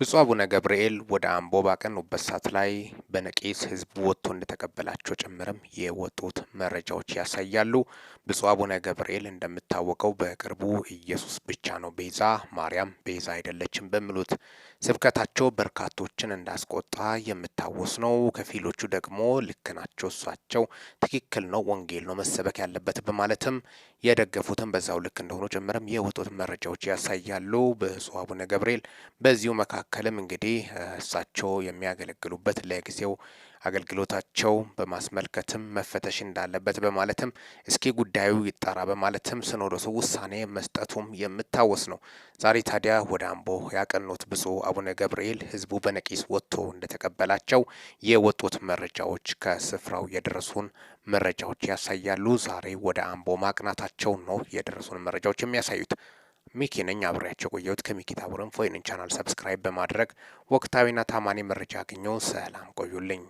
ብፁዕ አቡነ ገብርኤል ወደ አምቦ ባቀኑበት ሰዓት ላይ በነቂስ ህዝብ ወጥቶ እንደተቀበላቸው ጭምርም የወጡት መረጃዎች ያሳያሉ። ብፁዕ አቡነ ገብርኤል እንደምታወቀው በቅርቡ ኢየሱስ ብቻ ነው ቤዛ፣ ማርያም ቤዛ አይደለችም በሚሉት ስብከታቸው በርካቶችን እንዳስቆጣ የምታወስ ነው። ከፊሎቹ ደግሞ ልክ ናቸው፣ እሷቸው ትክክል ነው፣ ወንጌል ነው መሰበክ ያለበት በማለትም የደገፉትን በዛው ልክ እንደሆኑ ጭምርም የወጡት መረጃዎች ያሳያሉ። ብፁዕ አቡነ ገብርኤል በዚሁ መካከልም እንግዲህ እሳቸው የሚያገለግሉበት ለጊዜ ጊዜው አገልግሎታቸው በማስመልከትም መፈተሽ እንዳለበት በማለትም እስኪ ጉዳዩ ይጣራ በማለትም ሲኖዶሱ ውሳኔ መስጠቱም የምታወስ ነው። ዛሬ ታዲያ ወደ አምቦ ያቀኑት ብፁዕ አቡነ ገብርኤል ህዝቡ በነቂስ ወጥቶ እንደተቀበላቸው የወጡት መረጃዎች ከስፍራው የደረሱን መረጃዎች ያሳያሉ። ዛሬ ወደ አምቦ ማቅናታቸው ነው የደረሱን መረጃዎች የሚያሳዩት። ሚኪ ነኝ አብሬያቸው ቆየሁት። ከሚኪ ታቡረን ፎይንን ቻናል ሰብስክራይብ በማድረግ ወቅታዊና ታማኒ መረጃ አግኘው። ሰላም ቆዩልኝ።